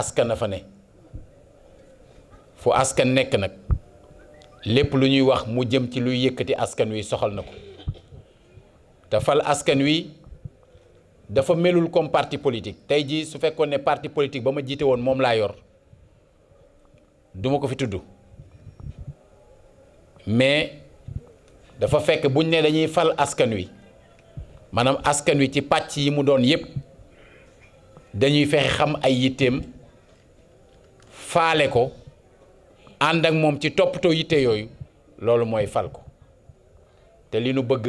askan a fa ne fu askan nekk nag lépp lu ñuy wax mu jëm ci luy yëkkati askan wi soxal na ko te fal askan wi dafa melul comme parti politique tey jii su fekkoon ne parti politique ba ma jiite woon moom laa yor duma ko fi tudd mais dafa fekk buñ ne dañuy fal askan wi maanaam askan wi ci pàcc yi mu doon yépp dañuy fexe xam ay yitteem faale ko ànd ak moom ci toppatoo yitte yooyu loolu mooy fal ko te li nu bëgg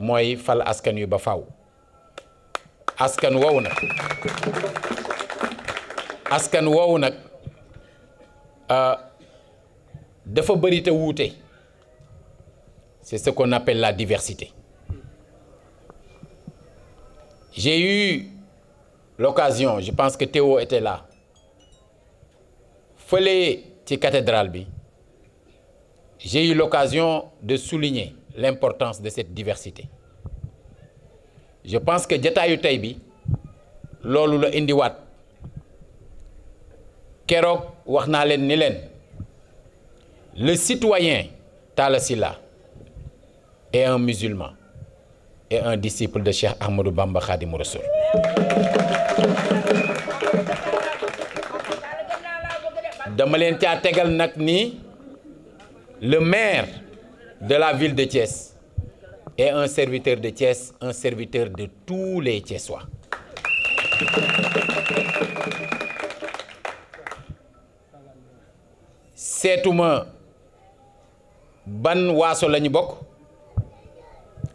mooy fal askan wi ba faw askan woowu nag askan woowu nag euh, dafa bëri te wuute c'est ce qu'on appelle la diversité j'ai eu l'occasion je pense que Théo était là fële ci cathédrale bi j'ai eu l'occasion de souligner l'importance de cette diversité je pense que jataayu tey bi loolu la indiwaat keroog wax naa leen ni leen le citoyen Talla Sylla est un musulman et un disciple de Cheikh Ahmadou Bamba Khadimou Rassoul dama leen caa tegal nag nii le maire de la ville de Thiès est un serviteur de Thiès un serviteur de tous les wa seetuma ban waaso lañu bokk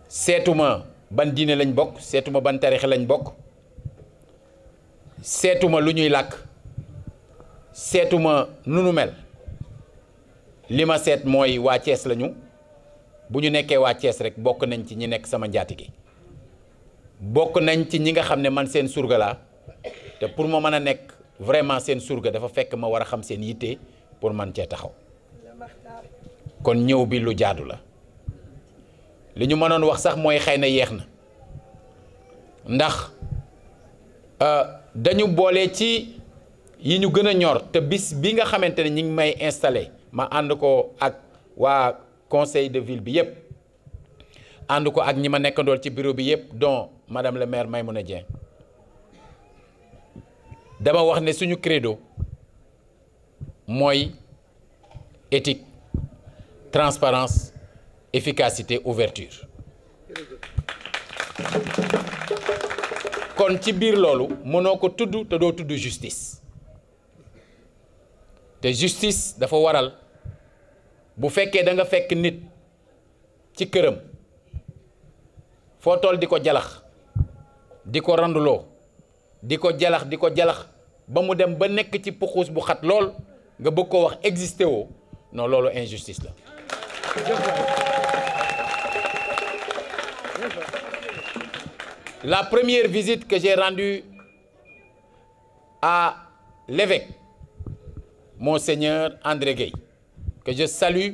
seetuma ban diine lañ bokk seetuma ban tarixe lañ bokk seetuma lu ñuy làkk seetuma nu nu mel li ma seet mooy waa Thiès lañu bu ñu nekkee waa Thiès rek bokk nañ ci ñi nekk sama njaatige bokk nañ ci ñi nga xam ne man seen surga laa te pour ma mën a nekk vraiment seen surga dafa fekk ma war a xam seen yitte pour man cee taxaw kon ñëw bi lu jaadu la li ñu mënoon wax sax mooy xëy na yeex na ndax euh, dañu boole ci yi ñu gën a ñor te bis bi nga xamante ne ñi ngi may installé ma ànd ko ak waa conseil de ville bi yëpp ànd ko ak ñi ma nekkandool ci bureau bi yëpp dont madame le maire Maïmouna Dieng dama wax ne suñu credo mooy éthique transparence efficacité ouverture kon ci biir loolu mënoo ko tudd te doo tudd justice te justice dafa waral bu fekkee da nga fekk nit ci këram foo tool di ko jalax di ko randuloo di ko jalax di ko jalax ba mu dem ba nekk ci puxuus bu xat lool nga bëgg ko wax existé woo non loolu injustice la la première visite que j'ai rendue à l'évêque monseigneur André Gueye que je salue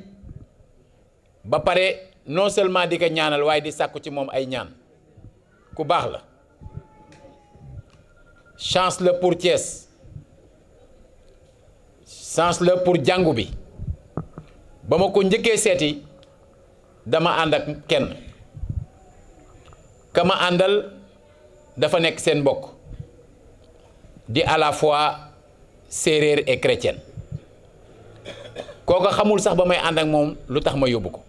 ba pare non seulement di ko ñaanal waaye di sàkku ci moom ay ñaan ku baax la chance la pour Thiès chance la pour jàngu bi ba ma ko njëkkee seeti dama ànd ak kenn ka ma àndal dafa nekk seen mbokk di à fois séeréer et chrétienne kooka xamul sax ba may ànd ak moom lu tax ma yóbbu ko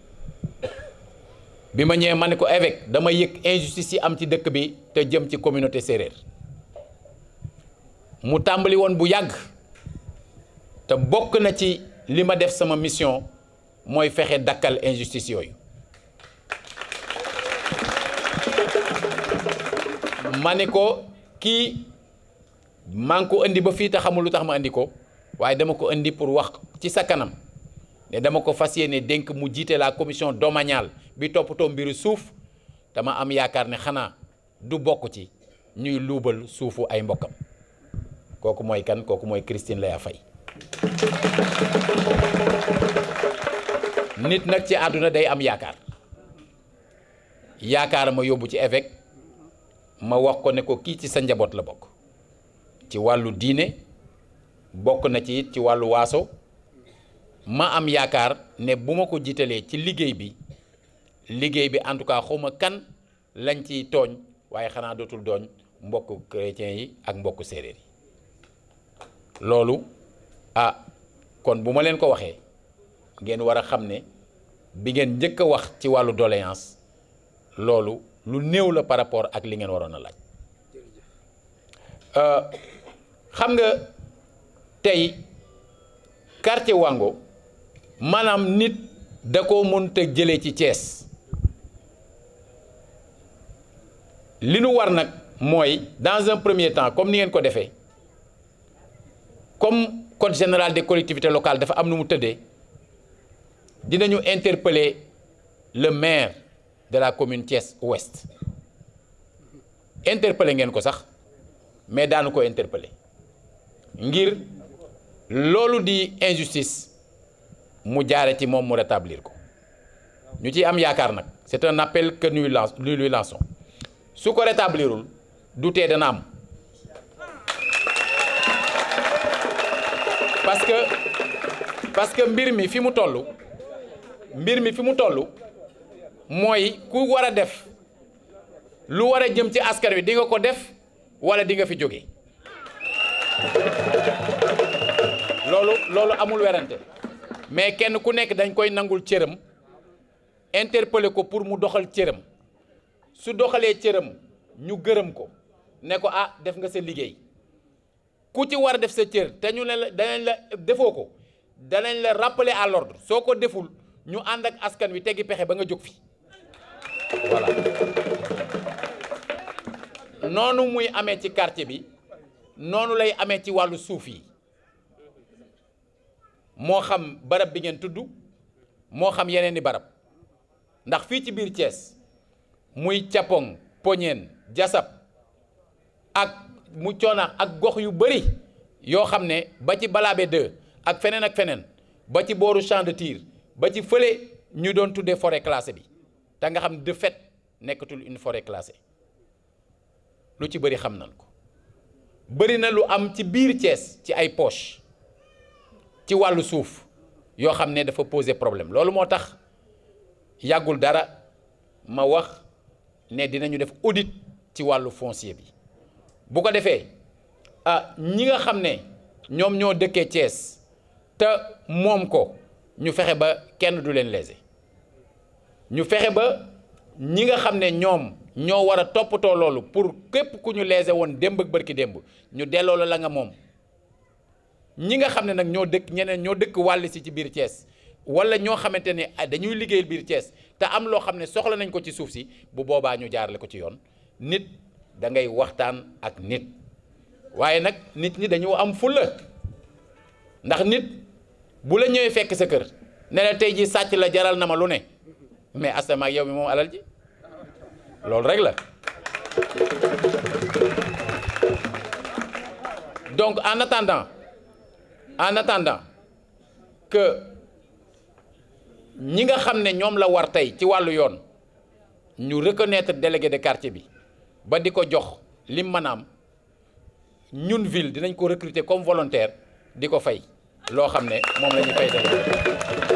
bi ma ñëwee ma ne ko évêque dama yëg injustice yi am ci dëkk bi te jëm ci communauté séeréer mu tàmbali woon bu yàgg te bokk na ci li ma def sama mission mooy fexe dakkal injustice yooyu ma ne ko kii maa ngi ko indi ba fii te xamul lu tax ma indi ko waaye dama ko indi pour wax ci sa kanam ne dama ko fas yéene dénk mu jiite la commission domaniale bi toppatoo mbiru suuf dama am yaakaar ne xanaa du bokk ci ñuy luubal suufu ay mbokkam kooku mooy kan kooku mooy Christine Leya Faye nit nag ci àdduna day am yaakaar yaakaar ma yóbbu ci évêque ma wax ko ne ko kii ci sa njaboot la bokk ci wàllu diine bokk na ci it ci wàllu waaso ma am yaakaar ne bu ma ko jiitalee ci liggéey bi liggéey bi en tout cas xawma kan lañ ciy tooñ waaye xanaa dootul dooñ mbokk chrétien yi ak mbokk séeréer yi loolu ah kon bu ma leen ko waxee ngeen war a xam ne bi ngeen njëkk a wax ci wàllu doléance loolu lu néew la par rapport ak li ngeen waroon a laaj euh, xam nga tey quartier Wango maanaam nit da koo mënta jëlee ci cees li nu war nag mooy dans en premier temps comme ni ngeen ko defee comme code général des collectivités locales dafa am nu mu tëddee ñu interpeller le maire de la commune Thiès Ouest interpeller ngeen ko sax mais daanu ko interpeller ngir loolu di injustice mu jaare ci moom mu rétablir ko ñu ci am yaakaar nag c'est un appel que nous lance nous lui su ko rétablirul du tee dana am parce que parce que mbir mi fi mu tollu mbir mi fi mu tollu mooy ku war a def lu war a jëm ci askar wi dinga ko def wala di nga fi jóge loolu loolu amul werante mais kenn ku nekk dañ koy nangul cëram interpeller ko pour mu doxal cëram su doxalee cëram ñu gërëm ko ne ko ah def nga sa liggéey ku ci war a def sa cër te ñu ne la danañ la defoo ko danañ la rappeler à l'ordre soo ko deful ñu ànd ak askan wi teggi pexe ba nga jóg fi voilà noonu muy amee ci quartier bi noonu lay amee ci wàllu suuf yi moo xam barab bi ngeen tudd moo xam yeneen i barab ndax fii ci biir cees muy Capong Poñeen Jasab ak mu coonaax ak gox yu bëri yoo xam ne ba ci Balabé 2 ak feneen ak feneen ba ci booru champ de ba ci fële ñu doon tuddee forêt classée bi te nga xam de fait nekkatul une forêt classée lu ci bëri xam nañ ko bari na lu am ci biir Thiès ci ay poche ci wàllu suuf yoo xam ne dafa poser problème loolu moo tax yàggul dara ma wax ne dinañu def audite ci wàllu foncier bi bu ko defee ah ñi nga xam ne ñoom ñoo dëkkee Thiès te moom ko ñu fexe ba kenn du leen léser ñu fexe ba ñi nga xam ne ñoom ñoo war a toppatoo loolu pour képp ku ñu léser woon démb ak bërki démb ñu delloo la la nga moom ñi nga xam ne nag ñoo dëkk ñeneen ñoo dëkk wàll si ci biir Thiès wala ñoo xamante ne ah, dañuy liggéeyal biir Thiès te am loo xam ne soxla nañ ko ci suuf si bu boobaa ñu jaarale ko ci yoon nit da ngay waxtaan ak nit waaye nag nit ñi dañu am fulla ndax nit bu la ñëwee fekk sa kër ne la tey ji sàcc la jaral na ma lu ne mais asama ak yow mi moom alal ji loolu rek la donc en attendant en attendant que ñi nga xam ne ñoom la war tey ci wàllu yoon ñu reconnaître délégué de quartier bi ba di ko jox lim maanaam ñun ville dinañ ko recruter comme volontaire di ko fay loo xam ne moom lañu ñuy fay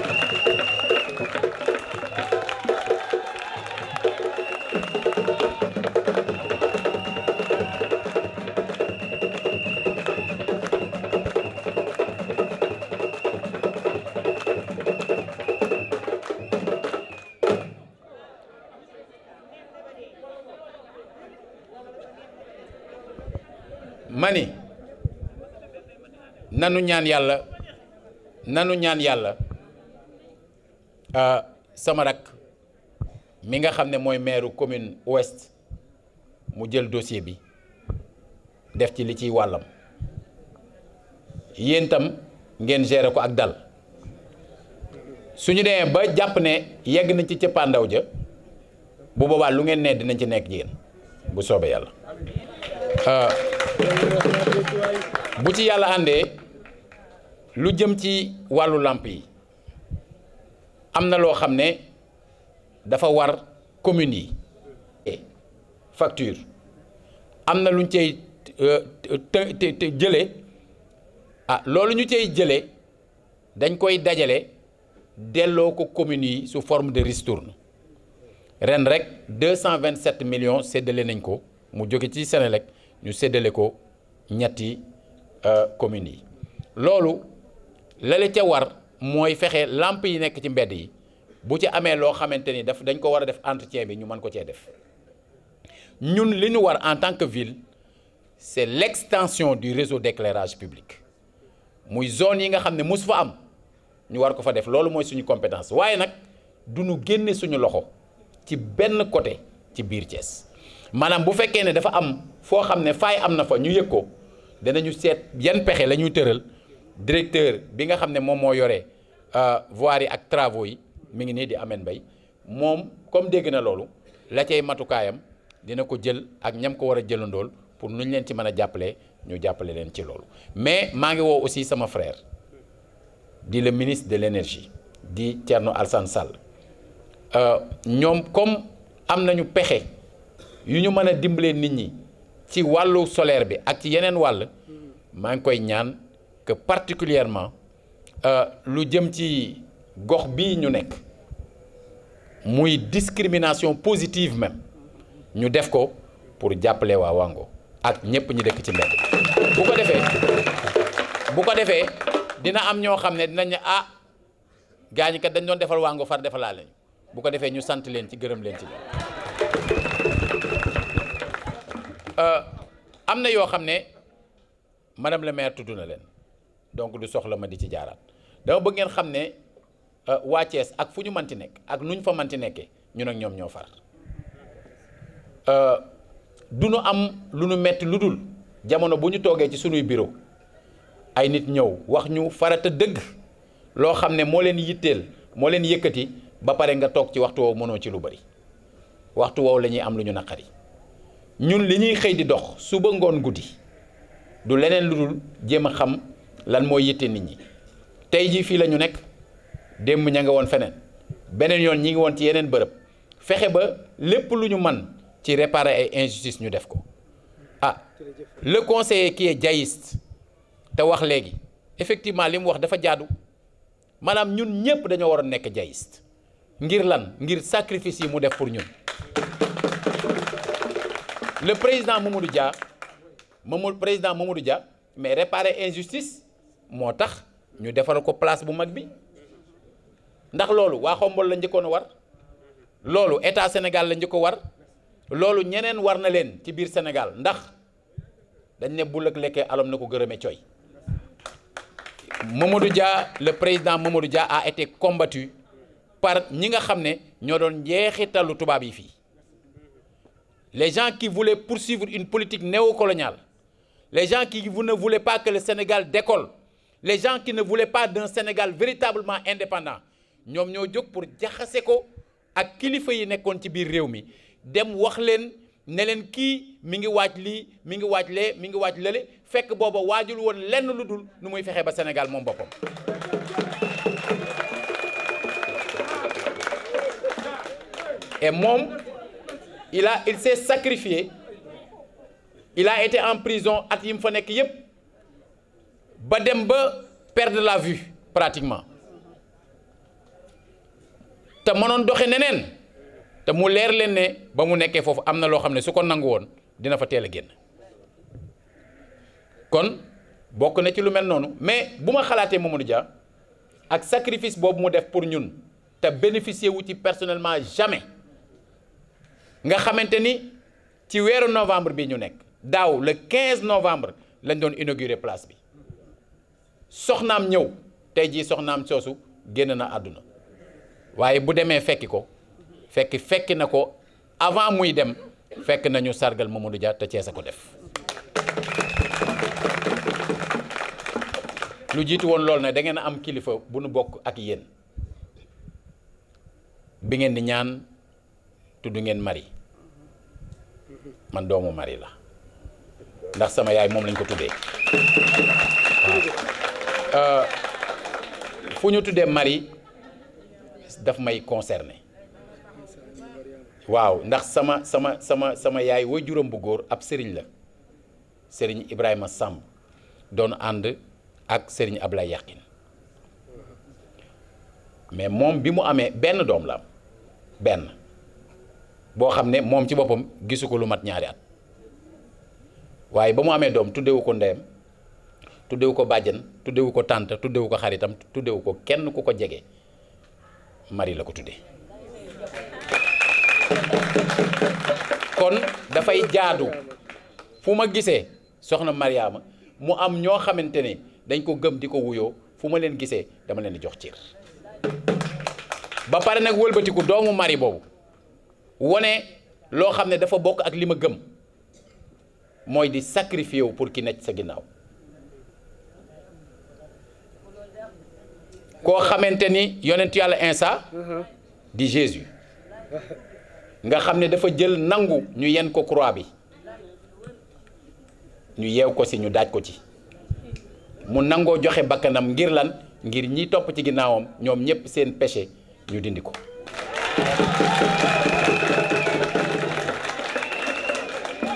nanu ñaan yàlla nanu ñaan yàlla sama rak mi nga xam ne mooy maire commune ouest mu jël dossier bi def ci li ciy wàllam yéen tam ngeen gere ko ak dal suñu demee ba jàpp ne yegg nañ ci cëppaandaw ja bu boobaa lu ngeen nee dinañ ci nekk jigéen bu soobee yàlla bu ci yàlla àndee lu jëm ci wàllu làmp yi am na loo xam ne dafa war communes yi e facture am na lu ñu cay euh, te jëlee ah, loolu ñu cay jëlee dañ koy dajale delloo ko communes yi sous forme de ristourne ren rek 227 millions séddale nañ ko mu jóge ci Sénélec ñu séddale ko ñetti euh, communes yi loolu lale ca war mooy fexe làmp yi nekk ci mbedd yi bu ci amee loo xamante ni daf dañ ko war a def entretien bi ñu mën ko cee def ñun li ñu war en tant que ville c'est l'extension du réseau d'éclairage public muy zone yi nga xam ne mosu fa am ñu war ko fa def loolu mooy suñu compétence waaye nag du ñu génne suñu loxo ci benn côté ci biir Thiès maanaam bu fekkee ne dafa am foo xam ne fay am na fa ñu yëg ko dinañu seet yan pexe la ñuy tëral directeur bi nga xam ne moom moo yore euh, voir yi ak travaux yi mi ngi nii di Ameth Mbaye moom comme dégg na loolu la cay matukaayam dina ko jël ak ñam ko war a jëlandool pour nu ñu leen ci mën a jàppale ñu jàppale leen ci loolu mais maa ngi woo aussi sama frère di le ministre de l'énergie di Thierno Alassane Sall euh, ñoom comme am nañu pexe yu ñu mën a dimbalee nit ñi ci wàllu solaire bi ak ci yeneen wàll maa ngi koy ñaan. que particulièrement euh, lu jëm ci gox bi ñu nekk muy discrimination positive même ñu def ko pour jàppale waa Wango ak ñëpp ñi dëkk ci mbedd bu ko defee bu ko defee dina am ñoo xam ne dinañ ah gaañ kat dañ doon defal wàngo far defalaa lañu bu ko defee ñu sant leen ci gërëm leen ci euh, am na yoo xam ne madame le maire tudd na leen donc du soxla ma di ci jaaraat dama bëgg ngeen xam ne euh, waa Thiès ak fu ñu manti nekk ak nu ñu fa manti nekkee ñu ak ñoom ñoo far euh, du nu am lu nu metti lu dul jamono bu ñu toogee ci sunuy biro ay nit ñëw wax ñu farata dëgg loo xam ne moo leen yitteel moo leen yëkkati ba pare nga toog ci waxtu woowu mënoo ci lu bari waxtu woow lañuy am lu ñu naqari ñun li ñuy xëy di dox suba ngoon guddi du leneen lu dul jéem a xam lan mooy yitte nit ñi tey jii fii la ñu nekk démb ña nga woon feneen beneen yoon ñi ngi woon ci yeneen bërëb fexe ba lépp lu ñu man ci réparer ay injustice ñu def ko ah le conseiller kii est jailliste te wax léegi effectivement li mu wax dafa jaadu maanaam ñun ñëpp dañoo waroon nekk jailliste ngir lan ngir sacrifice yi mu def pour ñun le président Mamadou Dia Mamadou président Mamadou Dia mais réparer injustice moo tax ñu defaral ko place bu mag bi ndax loolu waa Xombol la njëkkoon war loolu état Sénégal la njëkko war loolu ñeneen war na leen ci biir Sénégal ndax dañ ne bu lekkee alom na ko gërëme coy Mamadou jaa le président Mamadou Dia a été combatu par ñi nga xam ne ñoo doon njeexitalu tubaab yi fii les gens qui voulaient poursuivre une politique néocoloniale les gens qui ne voulaient pas que le Sénégal décole les gens qui ne voulaient pas d'un Sénégal véritablement indépendant ñoom ñoo jóg pour jaxase ko ak kilifa yi nekkoon ci biir réew mi dem wax leen ne leen kii mi ngi waaj lii mi ngi waaj le mi ngi waaj lële fekk booba waajul woon lenn lu dul nu muy fexe ba Sénégal moom boppam et moom il a il s'est il a été en prison at yi mu fa nekk yépp ba dem ba perdre la vue pratiquement te mënoon doxe neneen te mu leer leen ne ba mu nekkee foofu am na loo xam ne su ko nangu woon dina fa teel a génn kon bokk na ci lu mel noonu mais bu ma xalaatee Mamadou Dia ak sacrifice boobu mu def pour ñun te bénéficier wu ci personnellement jamais nga xamante ni ci weeru novembre bi ñu nekk daaw le 15 novembre lañ doon inauguré place bi soxnaam ñëw tey jii soxnaam soosu génn na àdduna waaye bu demee fekki ko fekki fekki na ko avant muy dem fekk nañu sargal Mamadou Dia te Cees a ko def lu jiitu woon loolu nag dangeen am kilifa bu nu bokk ak yéen bi ngeen di ñaan tudd ngeen mari man doomu mari la ndax sama yaay moom lañ ko tuddee Euh, fu ñu tuddee Marie daf may concerné waaw ndax sama sama sama sama yaay woy juróom bu góor ab sëriñ la sëriñ Ibrahima sàmb doon ànd ak sëriñ Ablaye Yaqin mais moom bi mu amee benn doom la benn boo xam ne moom ci boppam gisu ko lu mat ñaari at waaye ba mu amee doom tuddewu ko ndeyam tuddewu ko bàjjan tuddewu ko tànt tuddewu ko xaritam tuddewu ko kenn ku ko jege mari la ko tudde kon dafay jaadu fu ma gisee soxna Mariama mu am ñoo xamante ne dañ ko gëm di ko wuyoo fu ma leen gisee dama leen di jox ciir ba pare nag wëlbatiku doomu mari boobu wone loo xam ne dafa bokk ak li ma gëm mooy di sacrifier wu pour ki nekk sa ginnaaw koo xamante ni yonent yàlla Insa di Jésus nga xam ne dafa jël nangu ñu yen ko croix bi ñu yeew ko ci ñu daaj ko ci mu nangoo joxe bakkanam ngir lan ngir ñi topp ci ginnaawam ñoom ñépp seen péché ñu dindi ko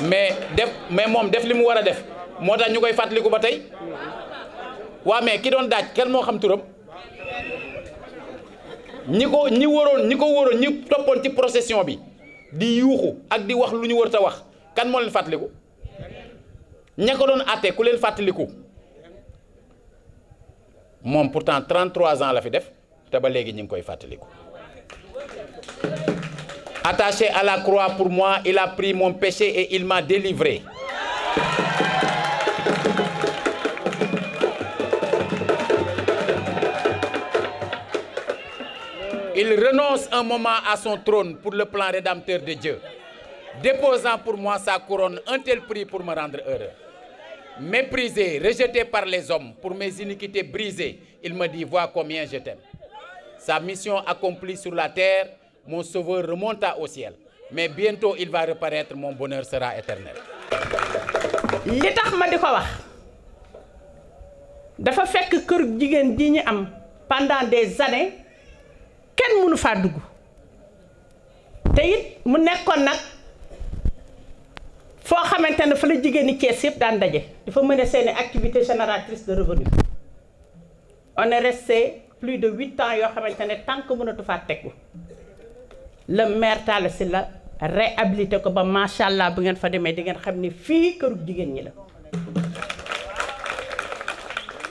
mais def mais moom def li mu war a def moo tax ñu koy fàttaliku ba tey waa mais ki doon daaj kenn moo xam turam ñi ko ñi waroon ñi ko waroon ñi toppoon ci procession bi di yuuxu ak di wax lu ñu war ta wax kan moo leen fàttaliku ña doon àtte ku leen fàttaliku moom pourtant 33 ans la fi def te ba léegi ñu ngi koy fàttaliku. Attaché à la croix pour moi, il a pris moom péché et il m'a délivré. il renonce un moment à son trône pour le plan rédempteur de Dieu, déposant pour moi sa couronne, un tel prix pour me rendre heureux. Méprisé, rejeté par les hommes, pour mes iniquités brisées, il me dit, vois combien je t'aime. Sa mission accomplie sur la terre, mon sauveur remonta au ciel. Mais bientôt il va reparaître, mon bonheur sera éternel. li tax ma di ko wax dafa fekk kër jigéen ji am pendant des années. kenn mënu faa dugg te mu nekkoon nag foo xamante ne fa la jigéeni Thiès yëpp daan daje dafa mën a seeni activité génératrice de revenu on est resté plus de huit ans yoo xamante ne tant mënatu faa tegu le maire Talla Sylla la réhabilité ko ba macha allah bu ngeen fa demee di ngeen xam ni fii këru jigéen ñi la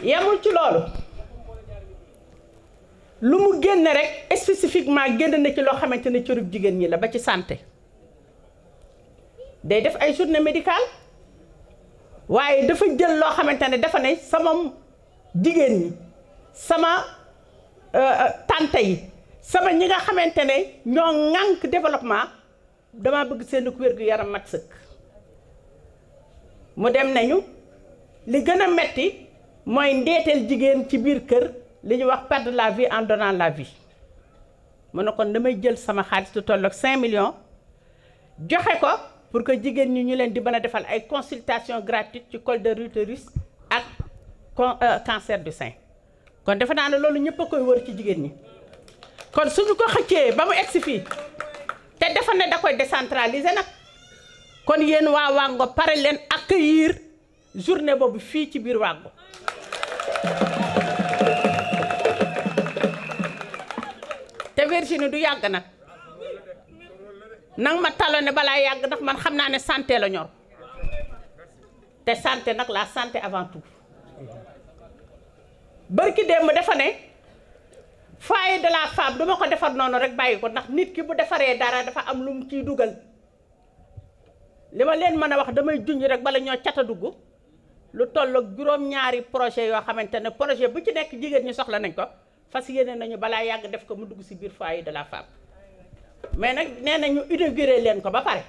yemul ci loolu lu mu génne rek spécifiquement génn na ci loo xamante ne cërub jigéen ñi la ba ci sante day def ay journée médical waaye dafa jël loo xamante ne dafa ne sama jigéen ñi sama euh, euh, tante yi sama ñi nga xamante ne ñoo ŋànk développement dama bëgg seen ku wér gu yaram mat sëkk mu dem nañu li gën a metti mooy ndeeteel jigéen ci biir kër li ñu wax perdre la vie en donnant la vie mu ne kon damay jël sama xaalis lu ak 5 millions joxe ko pour que jigéen ñi ñu leen di mën a defal ay consultation gratuite ci col de l'utérus ak euh, cancer du sein kon defe naa ne loolu ñëpp a koy wër ci jigéen ñi kon suñu ko xëccee ba mu si fii te defal ne da koy décentraliser nag kon yéen waa wàngo pare leen accueillir journée boobu fii ci biir Wango Virginie du yàgg nag nan ma ne balaa yàgg ndax man xam naa ne santé la ñor te santé nag laa sante avant tout bërki démb dafa ne foyer de la femme duma ko defar noonu rek bàyyi ko ndax nit ki mu defaree dara dafa am lu mu ciy dugal li ma leen mën a wax damay junj rek bala ñoo cat a dugg lu toll ak juróom-ñaari projet yoo xamante ne projet bu ci nekk jigéen ñi soxla nañ ko fas yéene nañu balaa yàgg def ko mu dugg ci biir foyer de la femme mais nag nee na ñu inauguré leen ko ba pare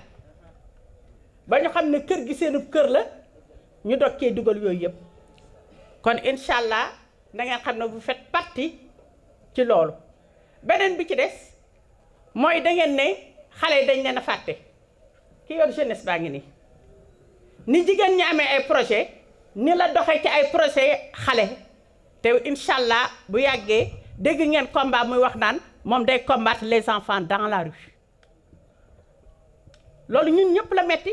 ba ñu xam ne kër gi seenub kër la ñu dog cee dugal yooyu yëpp kon incha allah na xam ne bu fet partie ci loolu beneen bi ci des mooy da ngeen ne xale yi dañ leen a fàtte ki yor jeunesse baa ngi nii ni jigéen ñu amee ay projet ni la doxee ci ay projet xale te incha allah bu yàggee dégg ngeen combat muy wax naan moom day combattre les enfants dans la loolu ñun ñëpp la metti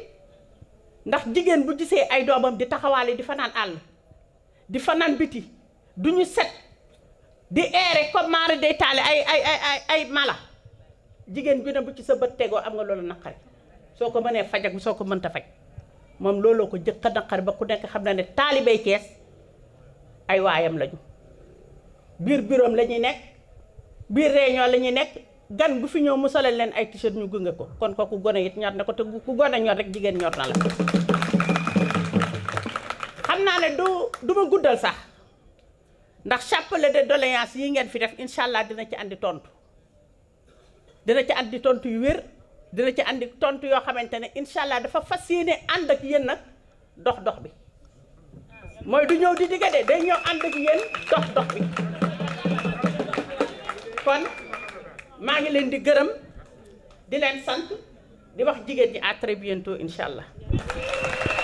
ndax jigéen bu gisee ay doomam di taxawaale di fanaan àll di fanaan biti du ñu set di eere comme maara day taale ay ay ay ay mala jigéen bi na bu ci sa bët tegoo am nga loolu naqari soo ko mënee faj bi soo ko mënta faj moom looloo ko jëkk a naqari ba ku nekk xam na ne taalibey Cees ay waayam lañu biir biroom la ñuy nekk biir réunion la ñuy nekk gan gu fi ñëw mu solal leen ay t ñu gunge ko kon kooku gone yit ñor na ko te ku gone ñor rek jigéen ñor na la xam naa ne du duma ma guddal sax ndax chapelet de doléance yi ngeen fi def incha allah dina ci andi tontu dina ci andi tontu yu wér dina ci andi tontu yoo xamante ne incha dafa fas yéene ànd ak yéen nag dox dox bi mooy du ñëw di digga de day ñëw ànd ak yéen dox dox bi kon maa ngi leen di gërëm di leen sant di wax jigéen ñi à très incha allah